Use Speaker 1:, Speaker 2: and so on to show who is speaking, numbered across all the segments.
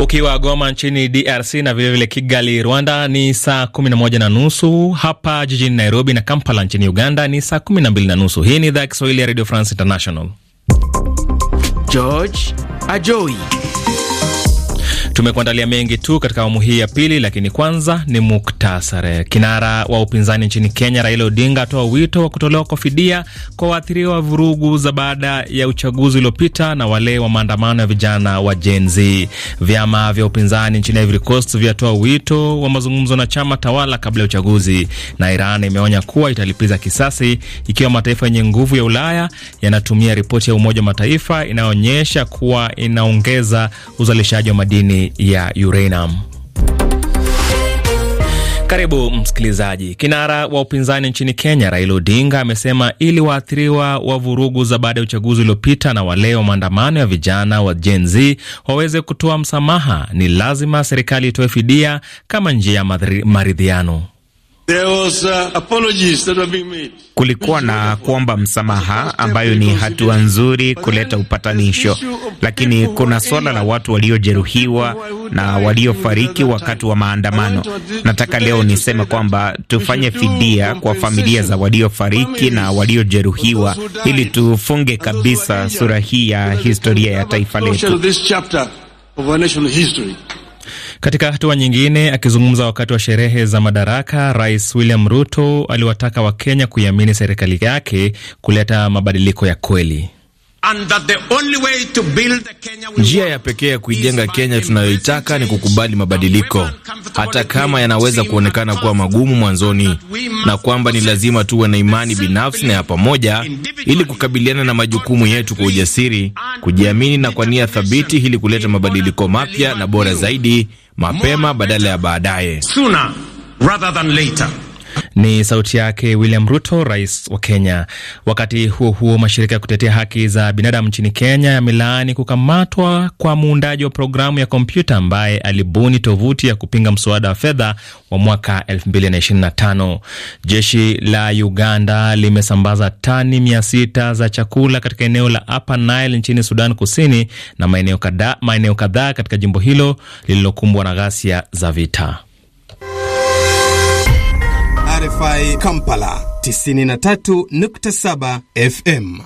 Speaker 1: Ukiwa Goma nchini DRC na vilevile Kigali Rwanda ni saa kumi na nusu, hapa jijini Nairobi na Kampala nchini Uganda ni saa mbili na nusu. Hii ni idhaa ya Kiswahili ya Radio France International. George Ajoi Tumekuandalia mengi tu katika awamu hii ya pili, lakini kwanza ni muktasare. Kinara wa upinzani nchini Kenya Raila Odinga atoa wito wa kutolewa kwa fidia kwa waathiriwa wa vurugu za baada ya uchaguzi uliopita na wale wa maandamano ya vijana wa Gen Z. Vyama vya upinzani nchini Ivory Coast vyatoa wito wa mazungumzo na chama tawala kabla ya uchaguzi, na Iran imeonya kuwa italipiza kisasi ikiwa mataifa yenye nguvu ya Ulaya yanatumia ripoti ya Umoja wa Mataifa inayoonyesha kuwa inaongeza uzalishaji wa madini ya uranium. Karibu msikilizaji. Kinara wa upinzani nchini Kenya Raila Odinga amesema ili waathiriwa wa vurugu za baada ya uchaguzi uliopita na wale wa maandamano ya vijana wa Gen Z waweze kutoa msamaha, ni lazima serikali itoe fidia kama njia ya maridhiano. Uh, Kulikuwa na
Speaker 2: kuomba msamaha ambayo ni hatua nzuri kuleta upatanisho, lakini kuna suala la watu waliojeruhiwa na waliofariki wakati wa maandamano. Nataka leo niseme kwamba tufanye fidia kwa familia za waliofariki na waliojeruhiwa, ili tufunge kabisa sura hii ya historia ya taifa letu.
Speaker 1: Katika hatua nyingine, akizungumza wakati wa sherehe za madaraka, Rais William Ruto aliwataka Wakenya kuiamini serikali yake kuleta mabadiliko ya kweli. Njia ya pekee ya kuijenga Kenya tunayoitaka ni kukubali mabadiliko, hata kama yanaweza
Speaker 2: kuonekana kuwa magumu mwanzoni, na kwamba ni lazima tuwe na imani binafsi na ya pamoja ili kukabiliana na majukumu yetu kwa ujasiri, kujiamini na kwa nia thabiti, ili kuleta mabadiliko mapya na bora zaidi mapema badala ya baadaye, sooner rather than later.
Speaker 1: Ni sauti yake William Ruto, rais wa Kenya. Wakati huo huo, mashirika ya kutetea haki za binadamu nchini Kenya yamelaani kukamatwa kwa muundaji wa programu ya kompyuta ambaye alibuni tovuti ya kupinga mswada wa fedha wa mwaka 2025. Jeshi la Uganda limesambaza tani 600 za chakula katika eneo la Upper Nile nchini Sudan Kusini na maeneo kadhaa katika jimbo hilo lililokumbwa na ghasia za vita.
Speaker 2: RFI Kampala 93.7
Speaker 1: FM.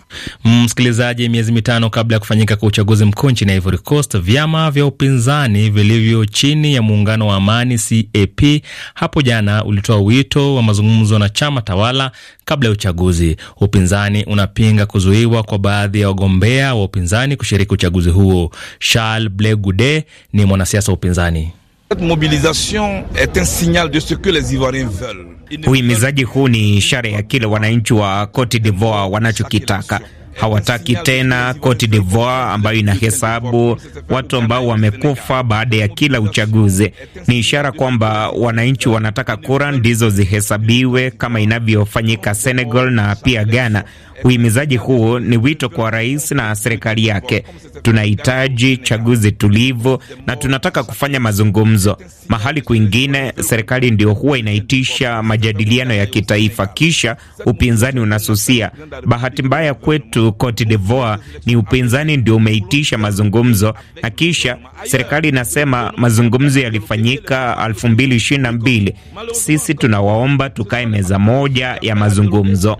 Speaker 1: Msikilizaji, miezi mitano kabla ya kufanyika kwa uchaguzi mkuu nchini Ivory Coast, vyama vya upinzani vilivyo chini ya muungano wa amani CAP hapo jana ulitoa wito wa mazungumzo na chama tawala kabla ya uchaguzi. Upinzani unapinga kuzuiwa kwa baadhi ya wagombea wa upinzani kushiriki uchaguzi huo. Charles Ble Gude ni mwanasiasa wa upinzani.
Speaker 2: Cette mobilisation est un signal de ce que les Ivoiriens veulent. Uhimizaji huu ni ishara ya kile wananchi wa Cote d'Ivoire wanachokitaka hawataki tena Cote d'Ivoire ambayo inahesabu watu ambao wamekufa baada ya kila uchaguzi. Ni ishara kwamba wananchi wanataka kura ndizo zihesabiwe kama inavyofanyika Senegal na pia Ghana. Uhimizaji huu ni wito kwa rais na serikali yake. Tunahitaji chaguzi tulivu na tunataka kufanya mazungumzo. Mahali kwingine, serikali ndio huwa inaitisha majadiliano ya kitaifa, kisha upinzani unasusia. Bahati mbaya kwetu tu Cote d'Ivoire ni upinzani ndio umeitisha mazungumzo, na kisha serikali inasema mazungumzo yalifanyika 2022. Sisi tunawaomba tukae meza moja ya mazungumzo.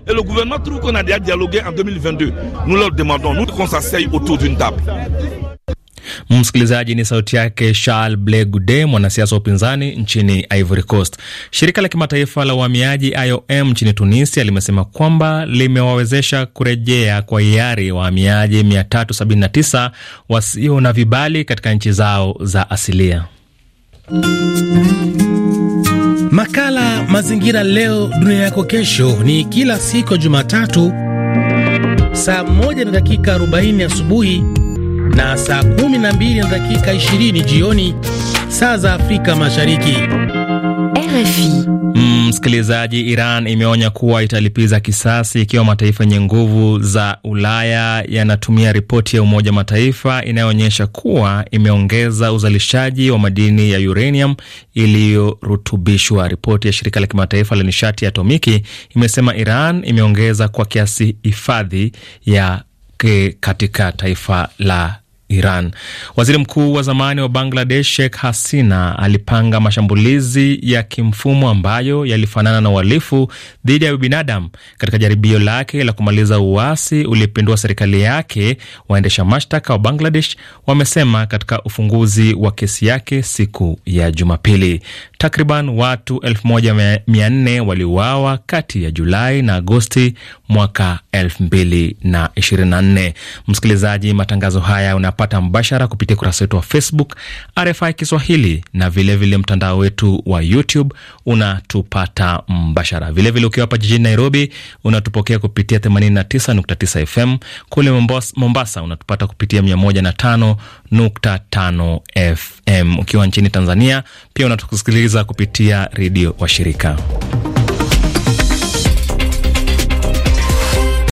Speaker 1: Msikilizaji, ni sauti yake Charles Ble Gude, mwanasiasa wa upinzani nchini Ivory Coast. Shirika la kimataifa la uhamiaji IOM nchini Tunisia limesema kwamba limewawezesha kurejea kwa hiari wahamiaji 379 wasio na vibali katika nchi zao za asilia. Makala Mazingira Leo Dunia Yako Kesho ni kila siku ya Jumatatu saa 1 na dakika 40 asubuhi na saa 12 na dakika 20 jioni saa za Afrika Mashariki. Mm, msikilizaji, mm, Iran imeonya kuwa italipiza kisasi ikiwa mataifa yenye nguvu za Ulaya yanatumia ripoti ya Umoja Mataifa inayoonyesha kuwa imeongeza uzalishaji wa madini ya uranium iliyorutubishwa. Ripoti ya shirika la kimataifa la nishati ya atomiki imesema Iran imeongeza kwa kiasi hifadhi ya katika taifa la Iran. Waziri mkuu wa zamani wa Bangladesh Sheikh Hasina alipanga mashambulizi ya kimfumo ambayo yalifanana na uhalifu dhidi ya binadamu katika jaribio lake la kumaliza uasi uliopindua serikali yake, waendesha mashtaka wa Bangladesh wamesema katika ufunguzi wa kesi yake siku ya Jumapili. Takriban watu 1400 waliuawa kati ya Julai na Agosti mwaka 2024. Msikilizaji, matangazo haya unapata mbashara kupitia ukurasa wetu wa Facebook RFI Kiswahili na vilevile mtandao wetu wa YouTube unatupata mbashara vilevile. Ukiwa hapa jijini Nairobi unatupokea kupitia 89.9 FM. Kule Mombasa unatupata kupitia 105.5 FM. Ukiwa nchini Tanzania pia unatusikiliza kusikiliza kupitia redio wa shirika.